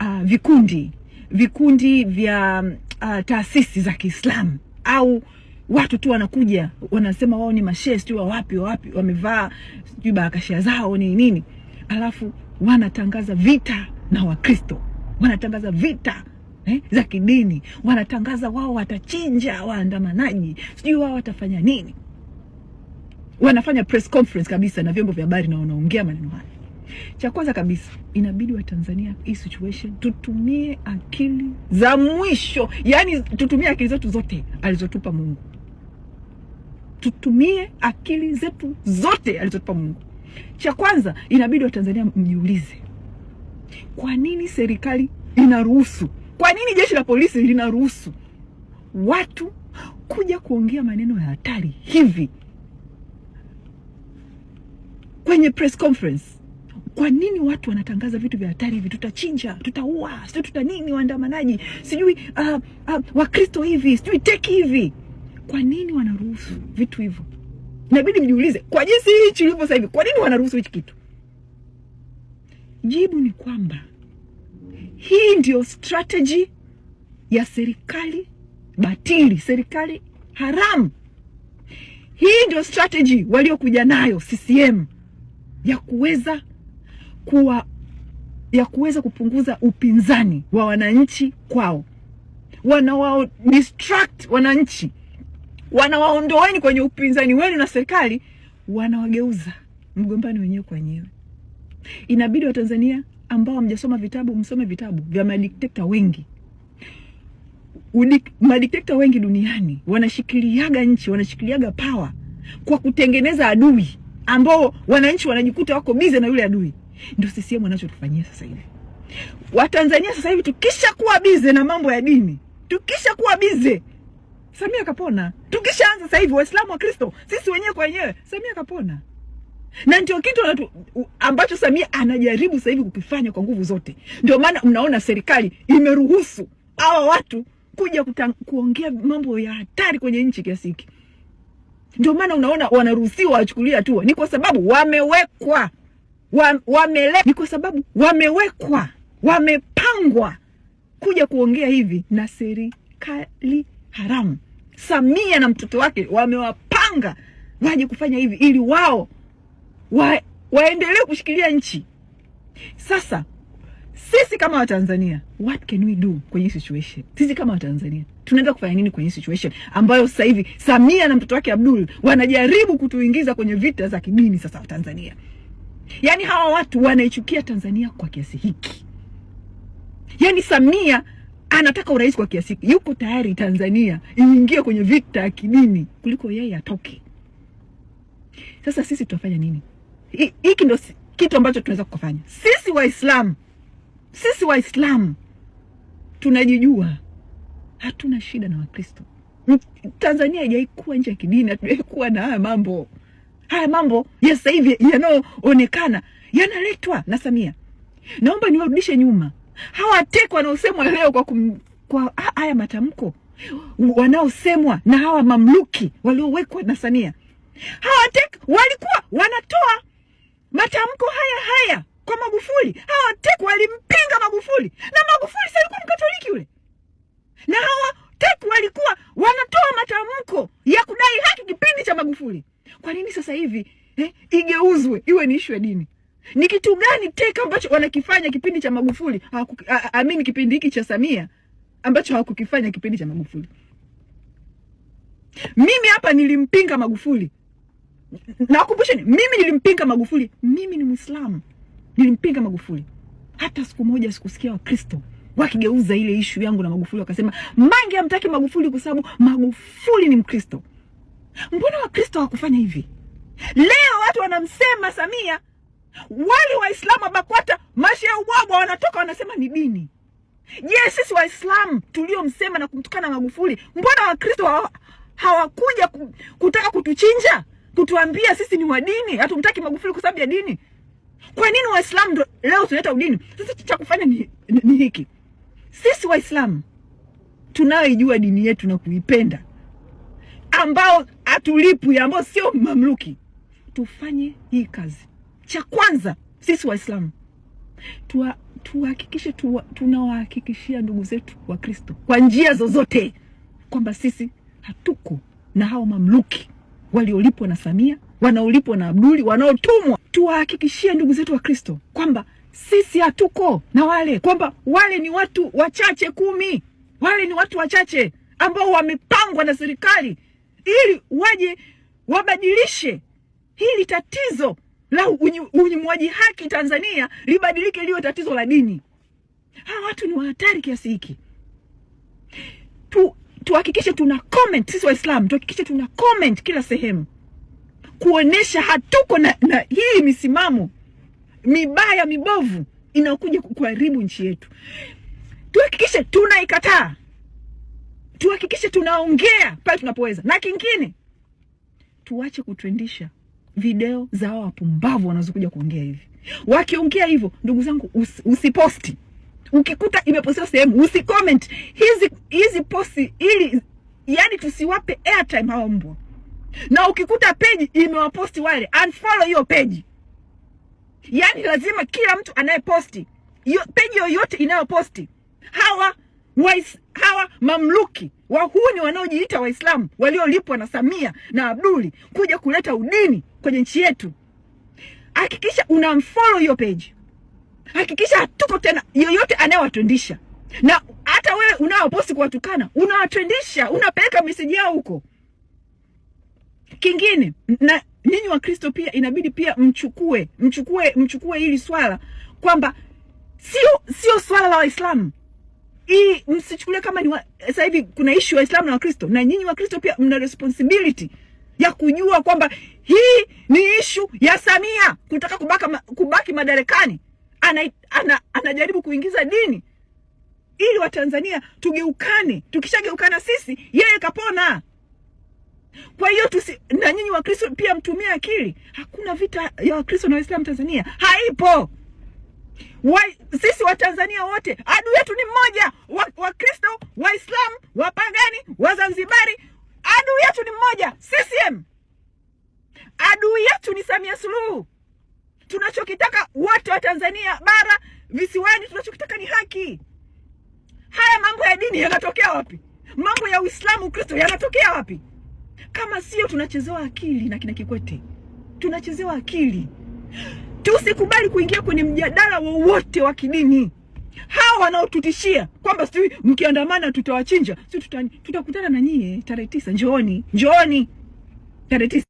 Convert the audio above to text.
uh, vikundi vikundi vya uh, taasisi za Kiislamu au watu tu wanakuja wanasema wao ni mashehe sijui wawapi wapi wapi wamevaa sijui barakashia zao ni nini, alafu wanatangaza vita na Wakristo, wanatangaza vita eh, za kidini, wanatangaza wao watachinja waandamanaji, sijui wao watafanya nini, wanafanya press conference kabisa na vyombo vya habari na wanaongea maneno haya. Cha kwanza kabisa inabidi Watanzania hii situation tutumie akili za mwisho, yaani tutumie akili zetu zote alizotupa Mungu, tutumie akili zetu zote alizotupa Mungu. Cha kwanza inabidi Watanzania mjiulize, kwa nini serikali inaruhusu, kwa nini jeshi la polisi linaruhusu watu kuja kuongea maneno ya hatari hivi kwenye press conference? Kwa nini watu wanatangaza vitu vya hatari hivi? Tutachinja, tutaua, sijui tuta nini, waandamanaji sijui, uh, uh, Wakristo hivi sijui teki hivi. Kwa nini wanaruhusu vitu hivyo? Inabidi mjiulize, kwa jinsi hichi ilivyo sasa hivi, kwa nini wanaruhusu hichi kitu? Jibu ni kwamba hii ndio strategy ya serikali batili, serikali haramu. Hii ndio strategy waliokuja nayo CCM ya kuweza kuwa ya kuweza kupunguza upinzani wa wananchi kwao, wanawao distract wananchi, wanawaondoeni kwenye upinzani wenu na serikali, wanawageuza mgombani wenyewe kwa wenyewe. Inabidi Watanzania ambao hamjasoma vitabu msome vitabu vya madikteta wengi Udik, madikteta wengi duniani wanashikiliaga nchi, wanashikiliaga power kwa kutengeneza adui ambao wananchi wanajikuta wako bize na yule adui. Ndio CCM anachotufanyia sasa hivi. Watanzania sasa hivi tukisha kuwa bize na mambo ya dini, tukisha kuwa bize, Samia kapona. Tukishaanza sasa hivi Waislamu wa Kristo, sisi wenyewe kwa wenyewe, Samia kapona. Na ndio kitu ambacho Samia anajaribu sasa hivi kukifanya kwa nguvu zote. Ndio maana mnaona serikali imeruhusu hawa watu kuja kutang, kuongea mambo ya hatari kwenye nchi kiasi hiki. Ndio maana unaona wanaruhusiwa wachukulia hatua, ni kwa sababu wamewekwa wa, wamele, ni kwa sababu wamewekwa, wamepangwa kuja kuongea hivi na serikali haramu. Samia na mtoto wake wamewapanga waje kufanya hivi ili wao wa, waendelee kushikilia nchi. Sasa sisi kama Watanzania, what can we do kwenye situation? Sisi kama Watanzania tunaweza kufanya nini kwenye situation ambayo sasa hivi Samia na mtoto wake Abdul wanajaribu kutuingiza kwenye vita za kidini? Sasa Watanzania Yaani hawa watu wanaichukia Tanzania kwa kiasi hiki. Yaani Samia anataka urais kwa kiasi hiki, yuko tayari Tanzania iingie kwenye vita ya kidini kuliko yeye atoke. Sasa sisi tutafanya nini? Hiki ndo kitu ambacho tunaweza kukafanya sisi Waislamu. Sisi Waislamu tunajijua, hatuna shida na Wakristo. Tanzania haijaikuwa nje ya kidini, hatujaikuwa na haya mambo haya mambo ya sasa hivi yanayoonekana yanaletwa na Samia. Naomba niwarudishe nyuma hawa teko wanaosemwa leo kwa, kum, kwa haya matamko wanaosemwa na hawa mamluki waliowekwa na Samia. Hawa walikuwa wanatoa matamko haya haya kwa Magufuli. Hawa walimpinga Magufuli na Magufuli si alikuwa mkatoliki yule, na hawa tek walikuwa wanatoa matamko ya kudai haki kipindi cha Magufuli. Kwa nini sasa hivi eh, igeuzwe iwe ni ishu ya dini? Ni kitu gani teka ambacho wanakifanya kipindi cha Magufuli amini kipindi hiki cha Samia ambacho hawakukifanya kipindi cha Magufuli? Mimi hapa nilimpinga Magufuli, nawakumbusheni, mimi nilimpinga Magufuli. Mimi ni Mwislamu, nilimpinga Magufuli. Hata siku moja sikusikia Wakristo wakigeuza ile ishu yangu na Magufuli wakasema Mange hamtaki Magufuli kwa sababu Magufuli ni Mkristo. Mbona Wakristo hawakufanya hivi? Leo watu wanamsema Samia, wale Waislamu BAKWATA mashehe ubwabwa wanatoka wanasema ni dini. Je, sisi Waislamu tuliomsema na kumtukana Magufuli, mbona Wakristo hawakuja kutaka kutuchinja, kutuambia sisi ni wadini hatumtaki Magufuli kwa sababu ya dini? Kwa nini Waislamu ndo leo tunaleta udini? Sasa cha kufanya ni, ni, ni hiki, sisi Waislamu tunayoijua dini yetu na kuipenda ambao hatulipwi, ambao sio mamluki, tufanye hii kazi. Cha kwanza sisi Waislamu tuhakikishe tu, tunawahakikishia ndugu zetu wa Kristo kwa njia zozote kwamba sisi hatuko na hao mamluki waliolipwa na Samia, wanaolipwa na Abduli, wanaotumwa. Tuwahakikishie ndugu zetu wa Kristo kwamba sisi hatuko na wale, kwamba wale ni watu wachache kumi, wale ni watu wachache ambao wamepangwa na serikali ili waje wabadilishe hili tatizo la unyimwaji haki Tanzania libadilike liwe tatizo la dini. Hawa watu ni wahatari kiasi hiki. Tu, tuhakikishe tuna comment sisi Waislamu, tuhakikishe tuna comment kila sehemu kuonesha hatuko na, na hii misimamo mibaya mibovu inayokuja kuharibu nchi yetu, tuhakikishe tunaikataa tuhakikishe tunaongea pale tunapoweza, na kingine tuache kutrendisha video za hao wapumbavu wanazokuja kuongea hivi. Wakiongea hivyo, ndugu zangu, usi, usiposti ukikuta imepostiwa sehemu usicomment hizi hizi posti, ili yani tusiwape airtime hawa mbwa, na ukikuta peji imewaposti wale, unfollow hiyo peji. Yani lazima kila mtu anayeposti peji yoyote inayoposti hawa Wais, hawa mamluki wahuni wanaojiita Waislamu waliolipwa na Samia na Abduli kuja kuleta udini kwenye nchi yetu, hakikisha unamfollow hiyo page, hakikisha hatuko tena yoyote anayewatundisha na hata wewe unawaposti kuwatukana, unawatwendisha, unapeleka meseji yao huko. Kingine na ninyi Wakristo pia inabidi pia mchukue mchukue mchukue hili swala kwamba sio sio swala la Waislamu hii msichukulia kama ni sasa hivi kuna ishu Waislamu na Wakristo, na nyinyi Wakristo pia mna responsibility ya kujua kwamba hii ni ishu ya Samia kutaka kubaka, kubaki madarakani. Ana, ana, anajaribu kuingiza dini ili Watanzania tugeukane. Tukishageukana sisi, yeye kapona. Kwa hiyo tusi, na nyinyi Wakristo pia mtumie akili. Hakuna vita ya Wakristo na Waislamu Tanzania, haipo wa, sisi Watanzania wote adui yetu ni mmoja, Wakristo wa Waislamu, wapagani, Wazanzibari, adui yetu ni mmoja, CCM. Adui yetu ni Samia Suluhu. Tunachokitaka wote wa Tanzania bara, visiwani, tunachokitaka ni haki. Haya mambo ya dini yanatokea wapi? Mambo ya Uislamu, Ukristo yanatokea wapi? Kama sio tunachezewa akili na kina Kikwete, tunachezewa akili. Tusikubali kuingia kwenye mjadala wowote wa kidini. Hawa wanaotutishia kwamba sijui mkiandamana tutawachinja, si tutakutana na nyie tarehe tisa. Njooni, njooni tarehe tisa.